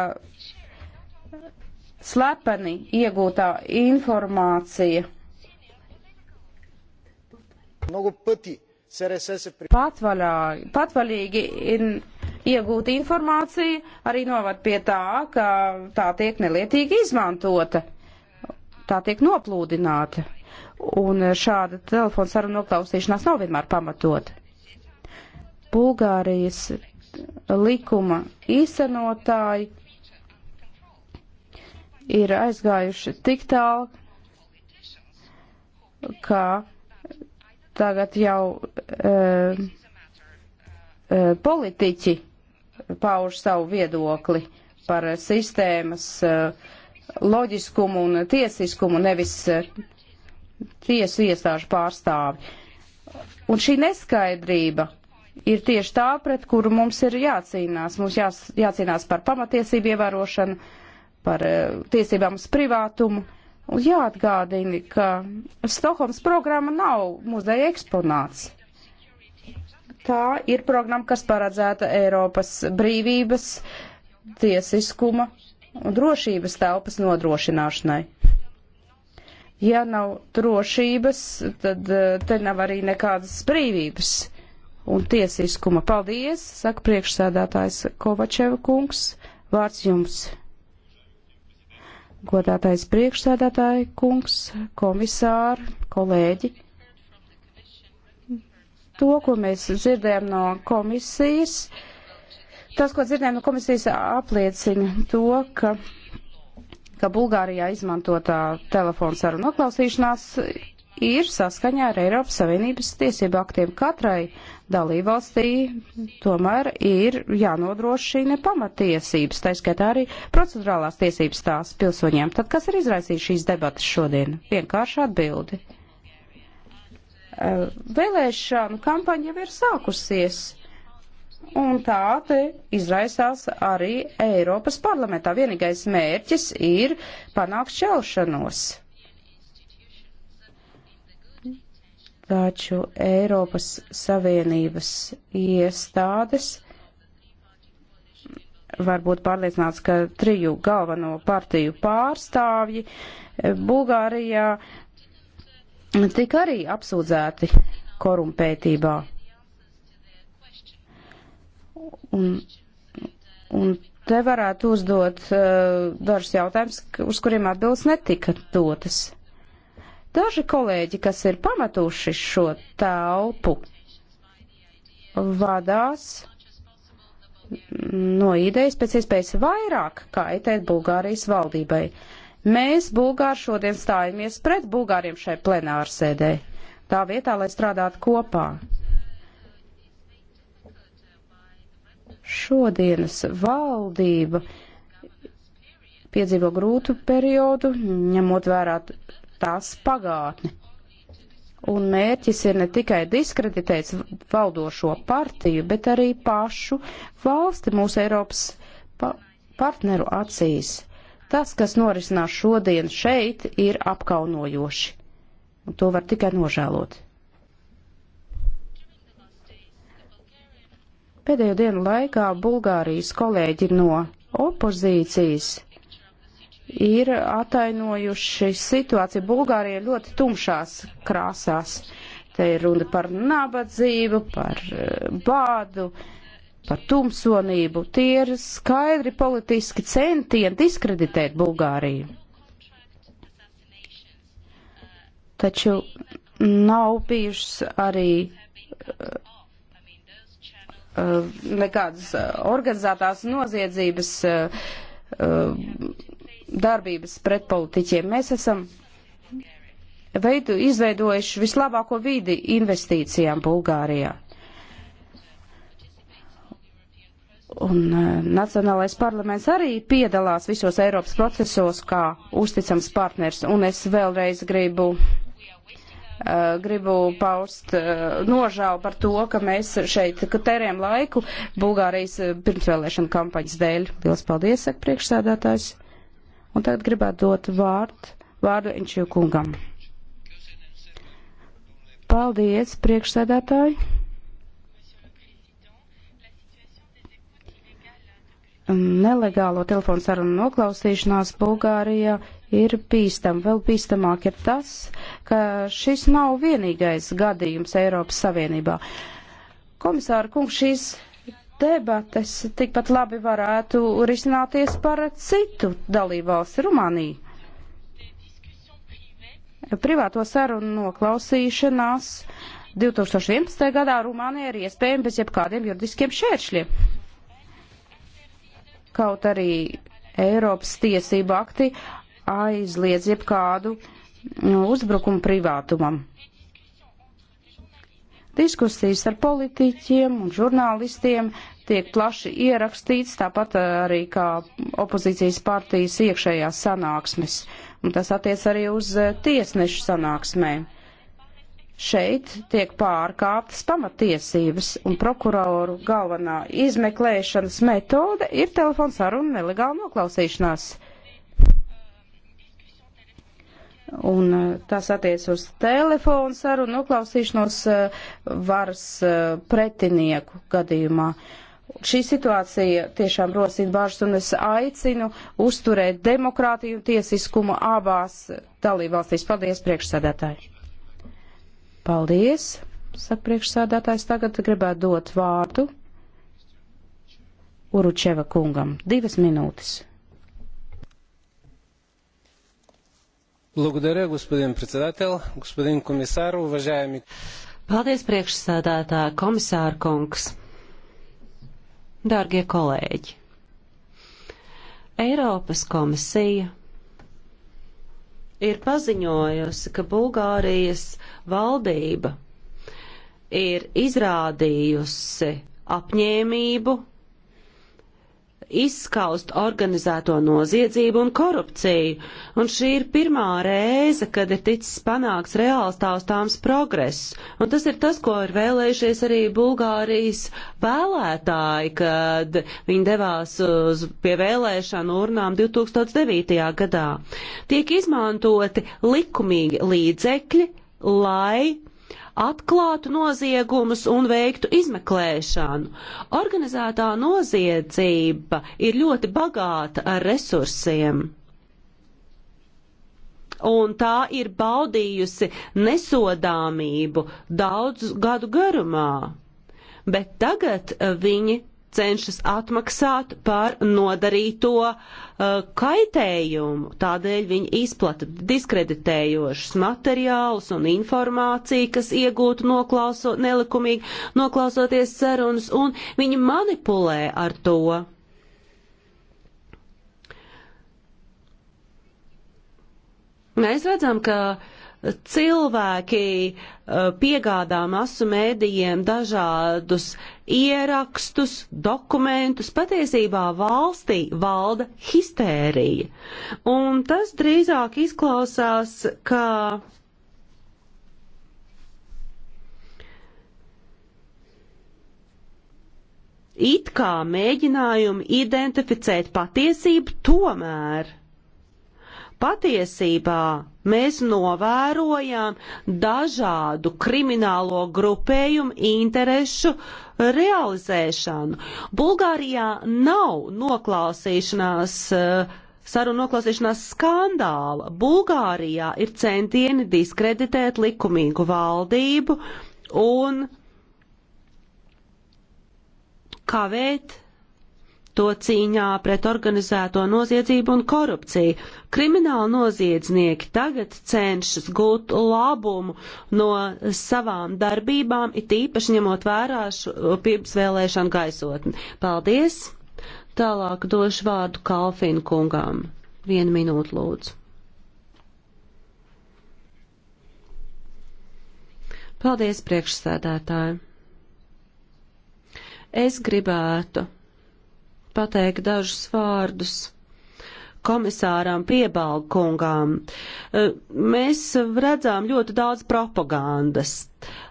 slepeni iegūtā informācija Patvaļā, patvaļīgi ir iegūta informācija, arī novad pie tā, ka tā tiek nelietīgi izmantota, tā tiek noplūdināta. Un šāda telefona saruna noklausīšanās nav vienmēr pamatota. Bulgārijas likuma īstenotāji ir aizgājuši tik tālu, ka tagad jau uh, uh, politiķi pauž savu viedokli par sistēmas uh, loģiskumu un tiesiskumu, nevis uh, tiesu iestāžu pārstāvi. Un šī neskaidrība ir tieši tā, pret kuru mums ir jācīnās. Mums jās, jācīnās par pamatiesību ievērošanu, par uh, tiesībām uz privātumu. Uh, Un jāatgādina, ka Stokholmas programma nav muzeja eksponāts. Tā ir programma, kas paredzēta Eiropas brīvības, tiesiskuma un drošības telpas nodrošināšanai. Ja nav drošības, tad eh, te nav arī nekādas brīvības un tiesiskuma. Paldies, saka priekšsēdētājs Kovačeva kungs. Vārds jums godātais priekšsēdētāji, kungs, komisāri, kolēģi. To, ko mēs dzirdējam no komisijas, tas, ko dzirdējam no komisijas, apliecina to, ka, ka Bulgārijā izmantotā telefonsaruna noklausīšanās ir saskaņā ar Eiropas Savienības tiesību aktiem. Katrai dalībvalstī tomēr ir jānodrošina pamatiesības, tā skaitā arī procedurālās tiesības tās pilsoņiem. Tad kas ir izraisījis šīs debatas šodien? Vienkārši atbildi. Eh, Vēlēšanu kampaņa jau ir sākusies. Un tā te izraisās arī Eiropas parlamentā. Vienīgais mērķis ir panākt šķelšanos. taču Eiropas Savienības iestādes var būt pārliecināts, ka triju galveno partiju pārstāvji eh, Bulgārijā tika arī apsūdzēti korumpētībā. Un, un te varētu uzdot uh, dažus jautājumus, uz kuriem atbildes netika dotas. Daži kolēģi, kas ir pametuši šo telpu, vadās no idejas pēc iespējas vairāk kaitēt Bulgārijas valdībai. Mēs, Bulgāri, šodien stājamies pret Bulgāriem šai plenārsēdē, tā vietā, lai strādātu kopā. Šodienas valdība piedzīvo grūtu periodu, ņemot vērā tās pagātni. Un mērķis ir ne tikai diskreditēt valdošo partiju, bet arī pašu valsti mūsu Eiropas pa partneru acīs. Tas, kas norisinās šodien šeit, ir apkaunojoši. Un to var tikai nožēlot. Pēdējo dienu laikā Bulgārijas kolēģi no opozīcijas ir atainojuši situāciju. Bulgārija ir ļoti tumšās krāsās. Te ir runa par nabadzību, par eh, bādu, par tumsonību. Tie ir skaidri politiski centieni diskreditēt Bulgāriju. Taču nav bijušas arī uh, nekādas organizētās noziedzības uh, uh, darbības pret politiķiem. Mēs esam veidu, izveidojuši vislabāko vidi investīcijām Bulgārijā. Un uh, Nacionālais parlaments arī piedalās visos Eiropas procesos kā uzticams partners. Un es vēlreiz gribu, uh, gribu paust uh, nožēlu par to, ka mēs šeit terējam laiku Bulgārijas pirmsvēlēšana kampaņas dēļ. Lielas paldies, saka priekšsēdētājs. Un tagad gribētu dot vārdu, vārdu Inčiju kungam. Paldies, priekšsēdētāji! Nelegālo telefonu sarunu noklausīšanās Bulgārijā ir bīstam. Vēl bīstamāk ir tas, ka šis nav vienīgais gadījums Eiropas Savienībā. Komisāra kungs, šīs debates tikpat labi varētu risināties par citu dalībvalsti Rumāniju. Privāto sarunu noklausīšanās 2011. gadā Rumānija ir iespējama bez jebkādiem juridiskiem šēršļiem. Kaut arī Eiropas tiesība akti aizliedz jebkādu mm, uzbrukumu privātumam. Diskusijas ar politiķiem un žurnālistiem tiek plaši ierakstīts, tāpat arī kā opozīcijas partijas iekšējās sanāksmes, un tas attiec arī uz eh, tiesnešu sanāksmēm. Šeit tiek pārkāptas pamatiesības, un prokuroru galvenā izmeklēšanas metode ir telefons ar un nelegāla noklausīšanās. Un uh, tas attiec uz telefonu sarunu noklausīšanos uh, varas uh, pretinieku gadījumā. Šī situācija tiešām rosina bažas, un es aicinu uzturēt demokrātiju un tiesiskumu abās dalībvalstīs. Paldies, priekšsēdētāji! Paldies, saka priekšsēdētājs. Tagad gribētu dot vārdu Uručeva kungam. Divas minūtes. Благодаря, господин председател, господин комисар, уважаеми. Paldies, priekšsēdētā komisāra kungs. Dārgie kolēģi, Eiropas komisija ir paziņojusi, ka Bulgārijas valdība ir izrādījusi apņēmību izskaust organizēto noziedzību un korupciju, un šī ir pirmā reize, kad ir ticis panāks reāls taustāms progress, un tas ir tas, ko ir vēlējušies arī Bulgārijas vēlētāji, kad viņi devās uz pie vēlēšanu urnām 2009. gadā. Tiek izmantoti likumīgi līdzekļi, lai atklātu noziegumus un veiktu izmeklēšanu. Organizētā noziedzība ir ļoti bagāta ar resursiem. Un tā ir baudījusi nesodāmību daudzu gadu garumā, bet tagad eh, viņi cenšas atmaksāt par nodarīto uh, kaitējumu. Tādēļ viņi izplata diskreditējošus materiālus un informāciju, kas iegūta noklausot, nelikumīgi noklausoties sarunas, un viņi manipulē ar to. Mēs redzam, ka uh, cilvēki piegādā masu mēdījiem dažādus ierakstus, dokumentus. Patiesībā valstī valda histērija. Un tas drīzāk izklausās, ka it kā mēģinājumi identificēt patiesību tomēr Patiesībā mēs novērojam dažādu kriminālo grupējumu interešu realizēšanu. Bulgārijā nav noklausīšanās uh, sarunu noklausīšanās skandāla. Bulgārijā ir centieni diskreditēt likumīgu valdību un kavēt to cīņā pret organizēto noziedzību un korupciju. Krimināli noziedznieki tagad cenšas gūt labumu no savām darbībām, it īpaši ņemot vērā pirms vēlēšanu gaisotni. Paldies! Tālāk došu vārdu Kalfinu kungām. Vienu minūtu lūdzu. Paldies, priekšsēdētāji! Es gribētu pateikt dažus vārdus komisāram Piebalkungām. Eh, mēs redzām ļoti daudz propagandas.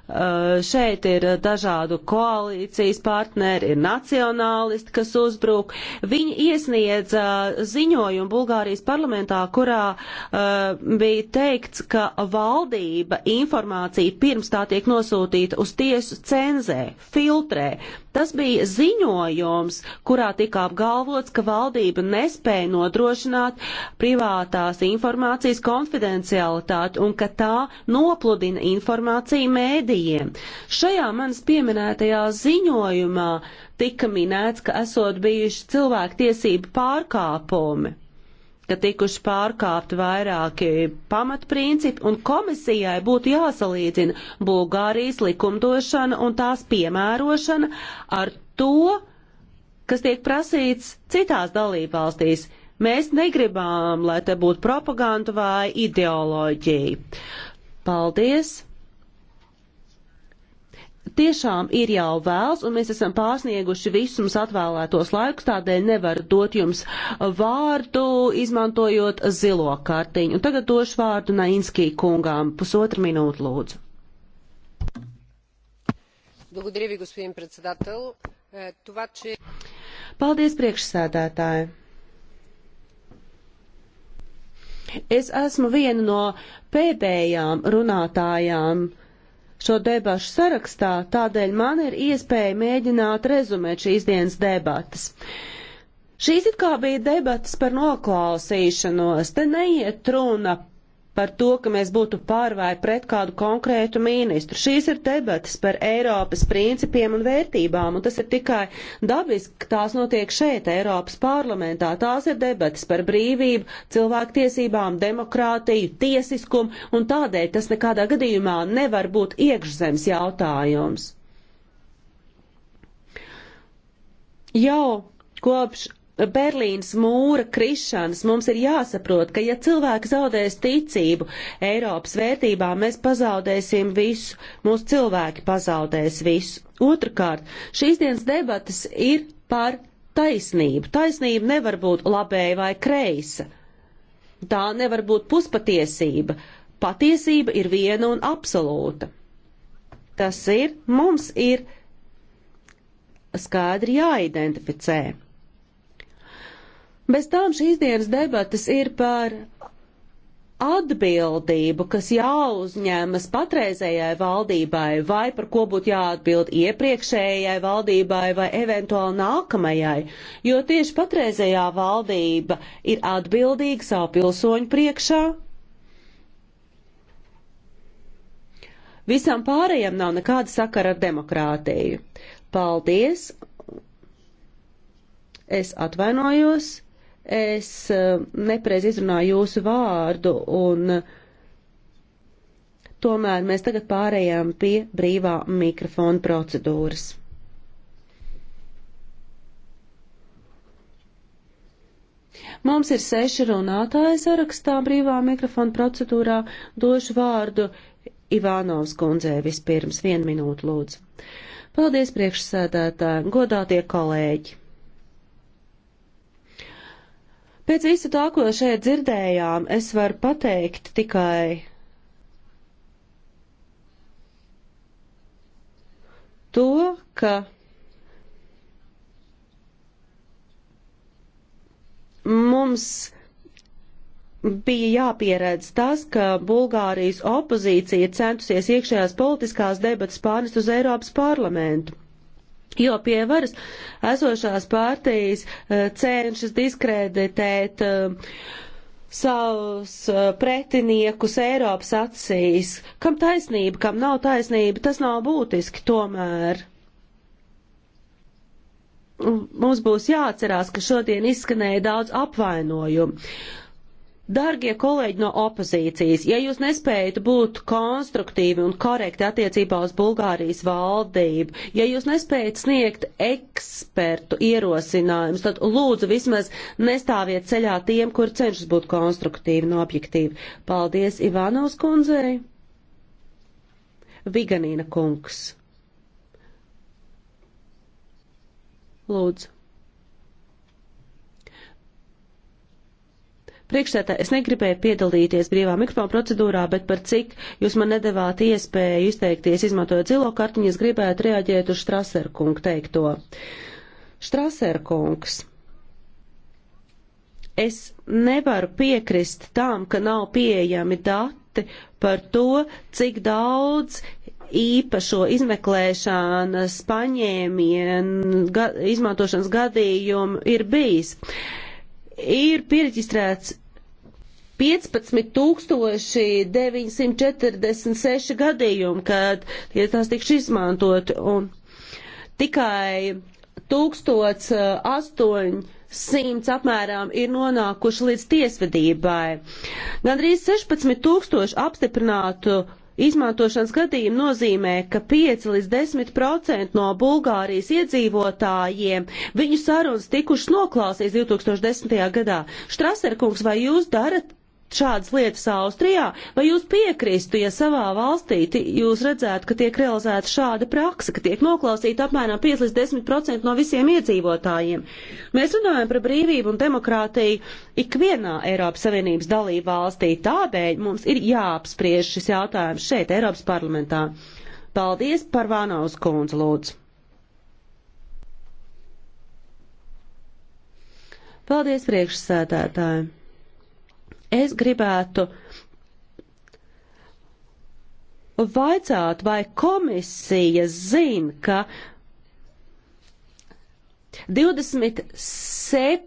Eh, šeit ir dažādu koalīcijas partneri, ir nacionālisti, kas uzbruk. Viņi iesniedz eh, ziņojumu Bulgārijas parlamentā, kurā bija teikts, ka valdība informāciju pirms tā tiek nosūtīta uz tiesu cenzē, filtrē. Tas bija ziņojums, kurā tika apgalvots, ka valdība nespēja nodrošināt privātās informācijas konfidencialitāti un ka tā nopludina informāciju mēdījiem. Šajā manas pieminētajā ziņojumā tika minēts, ka esot bijuši cilvēktiesību pārkāpumi ka tikuši pārkāpti vairāki pamatprincipi, un komisijai būtu jāsalīdzina Bulgārijas likumdošana un tās piemērošana ar to, kas tiek prasīts citās dalībvalstīs. Mēs negribām, lai te būtu propaganda vai ideoloģija. Paldies! tiešām ir jau vēls, un mēs esam pārsnieguši visus mums atvēlētos laikus, tādēļ nevaru dot jums vārdu, izmantojot zilo kartiņu. Un tagad došu vārdu Nainskī kungām. Pusotra minūte, lūdzu. Благодаря ви, господин председател. Това, че... Paldies, priekšsēdētāji. Es esmu viena no pēdējām runātājām, uh, šo debašu sarakstā, tādēļ man ir iespēja mēģināt rezumēt šīs dienas debatas. Šīs it kā bija debatas par noklausīšanos, te neiet runa par to, ka mēs būtu pār vai pret kādu konkrētu ministru. Šīs ir debatas par Eiropas principiem un vērtībām, un tas ir tikai dabiski, ka tās notiek šeit, Eiropas parlamentā. Tās ir debatas par brīvību, cilvēktiesībām, demokrātiju, tiesiskumu, un tādēļ tas nekādā gadījumā nevar būt iekšzemes jautājums. Jau kopš Berlīnas mūra krišanas mums ir jāsaprot, ka ja cilvēki zaudēs ticību Eiropas vērtībām, mēs pazaudēsim visu, mūsu cilvēki pazaudēs visu. Otrakārt, šīs dienas debatas ir par taisnību. Taisnība nevar būt labēja vai kreisa. Tā nevar būt puspatiesība. Patiesība ir viena un absolūta. Tas ir, mums ir skaidri jāidentificē. Bez tām šīs dienas debatas ir par atbildību, kas jāuzņemas patreizējai valdībai, vai par ko būtu jāatbild iepriekšējai valdībai vai eventuāli nākamajai, jo tieši patreizējā valdība ir atbildīga savu pilsoņu priekšā. Visam pārējiem nav nekāda sakara ar demokrātiju. Paldies! Es atvainojos! es eh, nepareiz izrunāju jūsu vārdu un eh, tomēr mēs tagad pārējām pie brīvā mikrofona procedūras. Mums ir seši runātāji sarakstā brīvā mikrofona procedūrā. Došu vārdu Ivānovs kundzē vispirms. Vienu minūtu lūdzu. Paldies priekšsēdētāji, godātie kolēģi! Pēc visu tā, ko šeit dzirdējām, es varu pateikt tikai to, ka mums bija jāpieredz tas, ka Bulgārijas opozīcija centusies iekšējās politiskās debatas pārnest uz Eiropas parlamentu. Jo pie varas esošās pārtīs eh, cenšas diskreditēt eh, savus eh, pretiniekus Eiropas acīs. Kam taisnība, kam nav taisnība, tas nav būtiski tomēr. Mums būs jāatcerās, ka šodien izskanēja daudz apvainojumu. Dargie kolēģi no opozīcijas, ja jūs nespējat būt konstruktīvi un korekti attiecībā uz Bulgārijas valdību, ja jūs nespējat sniegt ekspertu ierosinājumus, tad lūdzu vismaz nestāviet ceļā tiem, kur cenšas būt konstruktīvi un objektīvi. Paldies Ivanovs kundzei. Viganīna kungs. Lūdzu. Priekšsētā es negribēju piedalīties brīvā mikrofona procedūrā, bet par cik jūs man nedavāt iespēju izteikties izmantojot zilo kartiņu, es gribētu reaģēt uz Štraserkungu teikto. Štraserkungs, es nevaru piekrist tām, ka nav pieejami dati par to, cik daudz īpašo izmeklēšanas paņēmienu, ga, izmantošanas gadījumu ir bijis. Uh, ir piereģistrēts 15946 gadījumi, kad ja tās tikšu izmantot, un tikai 1800 apmēram ir nonākuši līdz tiesvedībai. Gandrīz 16 tūkstoši apstiprinātu Izmantošanas gadījumi nozīmē, ka 5 līdz 10 procenti no Bulgārijas iedzīvotājiem viņu sarunas tikušas noklausīs 2010. gadā. Štraserkungs, vai jūs darat šādas lietas Austrijā, vai jūs piekristu, ja savā valstī jūs redzētu, ka tiek realizēta šāda praksa, ka tiek noklausīta apmēram 5 līdz 10% no visiem iedzīvotājiem? Mēs runājam par brīvību un demokrātiju ikvienā Eiropas Savienības dalību valstī, tādēļ mums ir jāapspriež šis jautājums šeit, Eiropas parlamentā. Paldies par Vānaus kundzu lūdzu. Paldies priekšsēdētājiem! Es gribētu vaicāt, vai komisija zina, ka 27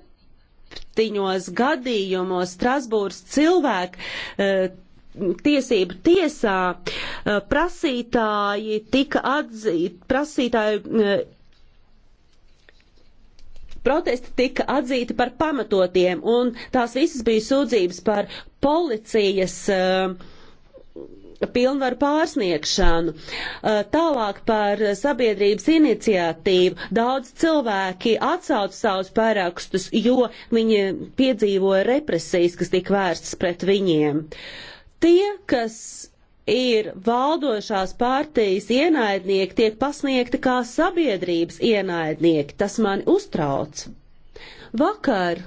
gadījumos Strasbūras cilvēku uh, eh, tiesību tiesā uh, prasītāji tika atzīti, prasītāji uh, protesti tika atzīti par pamatotiem, un tās visas bija sūdzības par policijas uh, pilnvaru pārsniegšanu, eh, tālāk par sabiedrības iniciatīvu. Daudz cilvēki atsauc savus parakstus, jo viņi piedzīvoja represijas, kas tika vērstas pret viņiem. Tie, kas ir valdošās partijas ienaidnieki, tiek pasniegti kā sabiedrības ienaidnieki. Tas mani uztrauc. Vakar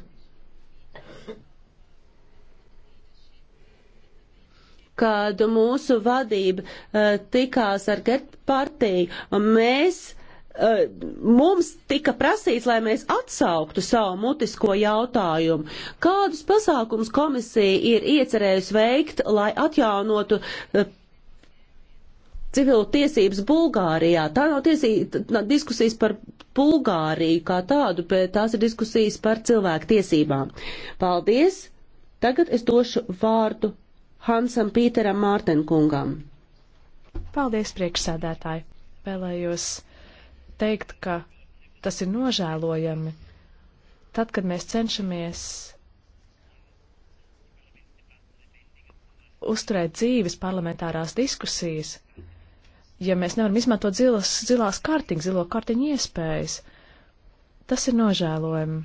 kad mūsu vadība uh, tikās ar Get partiju, un mēs uh, Eh, mums tika prasīts, lai mēs atsauktu savu mutisko jautājumu. Kādus pasākums komisija ir iecerējusi veikt, lai atjaunotu eh, civilu tiesības Bulgārijā? Tā nav tiesība, diskusijas par Bulgāriju kā tādu, bet tās ir diskusijas par cilvēku tiesībām. Paldies! Tagad es došu vārdu Hansam Pīteram Mārtenkungam. Paldies, priekšsēdētāji! Vēlējos teikt, ka tas ir nožēlojami. Tad, kad mēs cenšamies uzturēt dzīves parlamentārās diskusijas, ja mēs nevaram izmantot zilas, zilās kārtiņas, zilo kārtiņu iespējas, tas ir nožēlojami.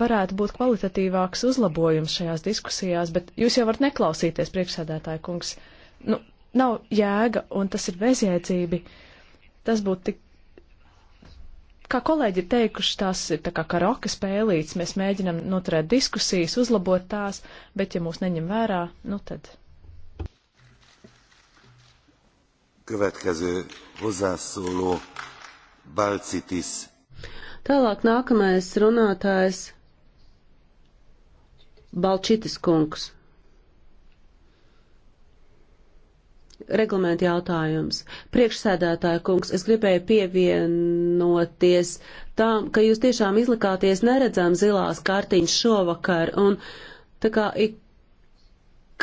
Varētu būt kvalitatīvāks uzlabojums šajās diskusijās, bet jūs jau varat neklausīties, priekšsēdētāja kungs. Nu, nav jēga, un tas ir bezjēdzība. Tas būtu tik kā kolēģi ir teikuši, tās ir tā kā karaoke spēlītes, mēs mēģinam noturēt diskusijas, uzlabot tās, bet ja mūs neņem vērā, nu tad. Következő hozzászóló Balcitis. Tālāk nākamais runātājs Balčitis kungs. Reglamenta jautājums. Priekšsēdētāja kungs, es gribēju pievienoties tam, ka jūs tiešām izlikāties neredzam zilās kartiņas šovakar, un tā kā ik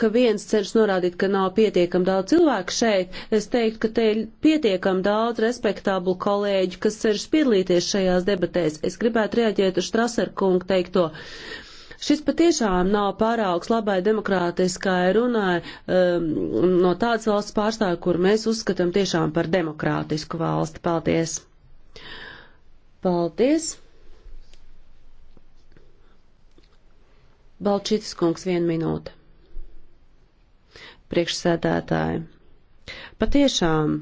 ka viens cenšas norādīt, ka nav pietiekami daudz cilvēku šeit, es teiktu, ka te ir pietiekami daudz respektablu kolēģu, kas cenšas piedalīties šajās debatēs. Es gribētu reaģēt uz Strasarkungu teikto. Uh, Šis patiešām nav pārāks labai demokrātiskai runai um, no tādas valsts pārstāvja, kur mēs uzskatām tiešām par demokrātisku valsti. Paldies! Paldies! Balčītis kungs, viena minūte. Priekšsēdētāji. Patiešām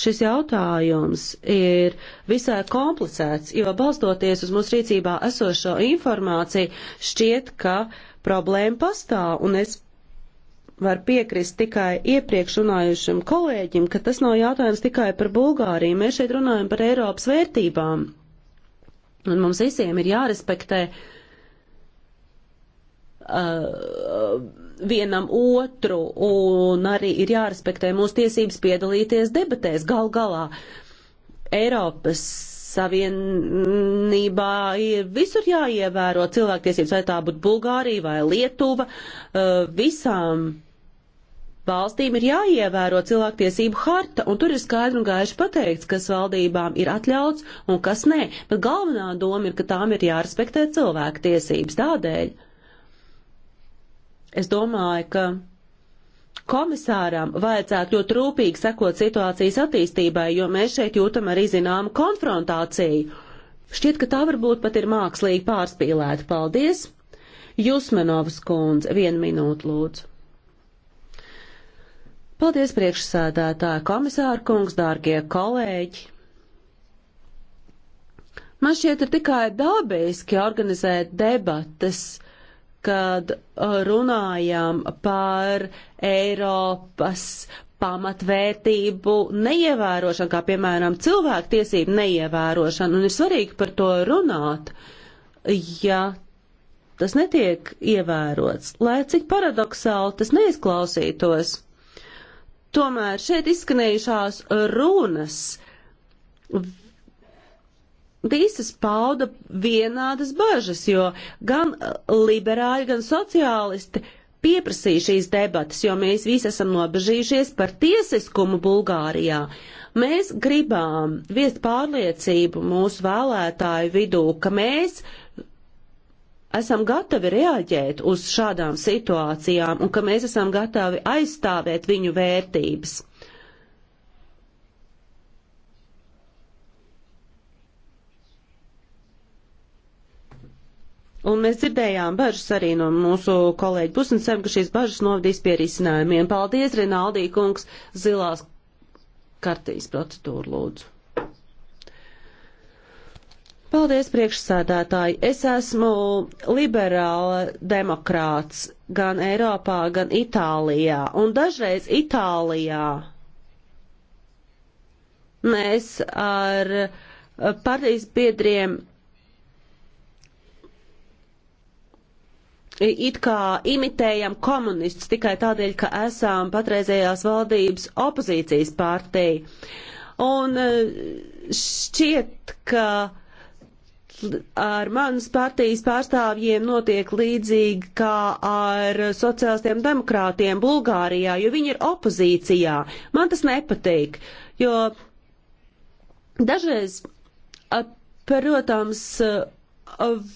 Šis jautājums ir visai komplicēts, jo balstoties uz mūsu rīcībā esošo informāciju, šķiet, ka problēma pastāv, un es varu piekrist tikai iepriekš runājušam kolēģim, ka tas nav jautājums tikai par Bulgāriju. Mēs šeit runājam par Eiropas vērtībām, un mums visiem ir jārespektē. Uh, vienam otru un arī ir jārespektē mūsu tiesības piedalīties debatēs. Gal galā Eiropas Savienībā ir visur jāievēro cilvēktiesības, vai tā būtu Bulgārija vai Lietuva. Eh, visām valstīm ir jāievēro cilvēktiesību harta, un tur ir skaidri un gaiši pateikts, kas valdībām ir atļauts un kas nē. Bet galvenā doma ir, ka tām ir jārespektē cilvēktiesības tādēļ. Es domāju, ka komisāram vajadzētu ļoti rūpīgi sekot situācijas attīstībai, jo mēs šeit jūtam arī zināmu konfrontāciju. Šķiet, ka tā varbūt pat ir mākslīgi pārspīlēta. Paldies! Jusmenovas kundze, vienu minūtu lūdzu. Paldies priekšsēdētāja komisāra kungs, dārgie kolēģi! Man šķiet ir tikai dabiski organizēt debatas kad uh, runājam par Eiropas pamatvērtību neievērošanu, kā piemēram cilvēktiesību neievērošanu, un ir svarīgi par to runāt, ja tas netiek ievērots, lai cik paradoxāli tas neizklausītos. Tomēr šeit izskanējušās runas visas pauda vienādas bažas, jo gan uh, liberāļi, gan sociālisti pieprasīja šīs debatas, jo mēs visi esam nobežījušies par tiesiskumu Bulgārijā. Mēs gribām viest pārliecību mūsu vēlētāju vidū, ka mēs esam gatavi reaģēt uz šādām situācijām un ka mēs esam gatavi aizstāvēt viņu vērtības. Un mēs dzirdējām bažas arī no mūsu kolēģi pusnacēm, ka šīs bažas novadīs pie risinājumiem. Paldies, Rinaldī kungs, zilās kartīs procedūru lūdzu. Paldies, priekšsēdētāji. Es esmu liberāla demokrāts gan Eiropā, gan Itālijā. Un dažreiz Itālijā mēs ar partijas biedriem it kā imitējam komunistus tikai tādēļ, ka esam patreizējās valdības opozīcijas partija. Un eh, šķiet, ka ar manas partijas pārstāvjiem notiek līdzīgi kā ar sociālistiem demokrātiem Bulgārijā, jo viņi ir opozīcijā. Man tas nepatīk, jo dažreiz, protams,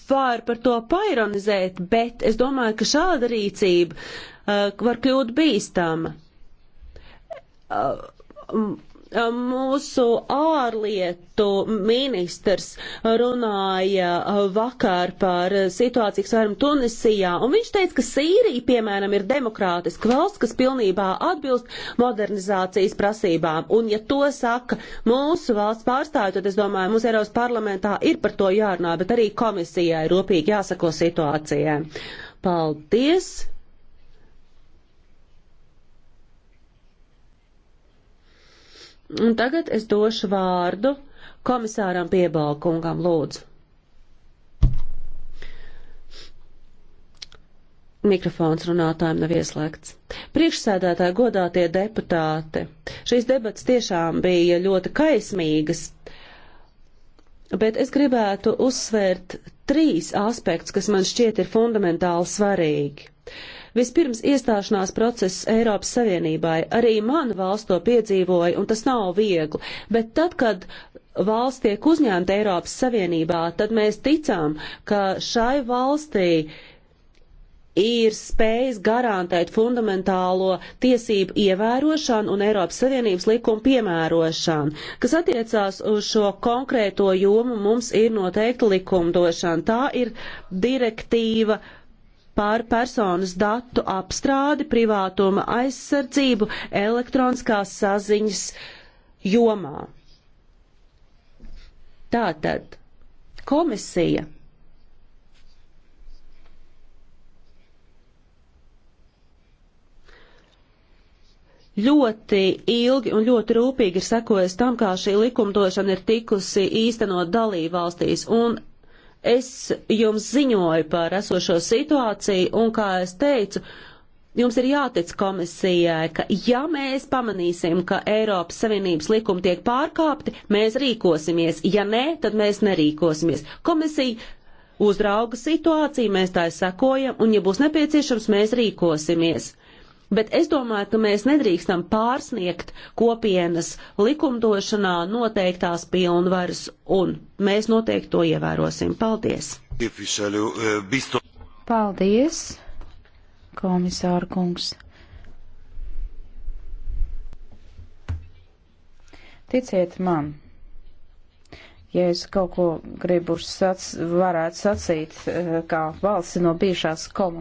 var par to paironizēt, bet es domāju, ka šāda rīcība uh, var kļūt bīstama. Uh, um, Mūsu ārlietu ministrs runāja vakar par situāciju, kas varam Tunisijā, un viņš teica, ka Sīrija, piemēram, ir demokrātiska valsts, kas pilnībā atbilst modernizācijas prasībām. Un ja to saka mūsu valsts pārstāvju, tad es domāju, mums Eiropas parlamentā ir par to jārunā, bet arī komisijai rūpīgi jāsako situācijai. Paldies! Un tagad es došu vārdu komisāram Piebalkungam, lūdzu. Mikrofons runātājiem nav ieslēgts. Priekšsēdētāji godātie deputāti, šīs debats tiešām bija ļoti kaismīgas, bet es gribētu uzsvērt trīs aspektus, kas man šķiet ir fundamentāli svarīgi. Uh, Vispirms iestāšanās process Eiropas Savienībai arī mana valsts to piedzīvoja, un tas nav viegli, bet tad, kad valsts tiek uzņemta Eiropas Savienībā, tad mēs ticām, ka šai valstī ir spējis garantēt fundamentālo tiesību ievērošanu un Eiropas Savienības likumu piemērošanu. Kas attiecās uz šo konkrēto jomu, mums ir noteikta likumdošana. Tā ir direktīva par personas datu apstrādi, privātuma aizsardzību elektroniskās saziņas jomā. Tātad komisija ļoti ilgi un ļoti rūpīgi ir sekojas tam, kā šī likumdošana ir tikusi īstenot dalībvalstīs, un Es jums ziņoju par esošo situāciju un, kā es teicu, jums ir jātic komisijai, ka ja mēs pamanīsim, ka Eiropas Savienības likumi tiek pārkāpti, mēs rīkosimies. Ja nē, tad mēs nerīkosimies. Komisija uzrauga situāciju, mēs tā sekojam, un, ja būs nepieciešams, mēs rīkosimies. Bet es domāju, ka mēs nedrīkstam pārsniegt kopienas likumdošanā noteiktās pilnvaras, un mēs noteikti to ievērosim. Paldies! Paldies, komisāra kungs! Ticiet man, ja es kaut ko gribu sac, varētu sacīt, eh, kā valsts no bijušās komunikācijas.